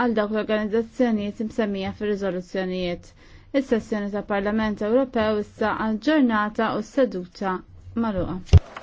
għal dawk l-organizzazzjonijiet imsemmija fir-riżoluzzjonijiet. Is-sessjoni ta' Parlament Ewropew issa għal ġurnata u seduta magħluqa.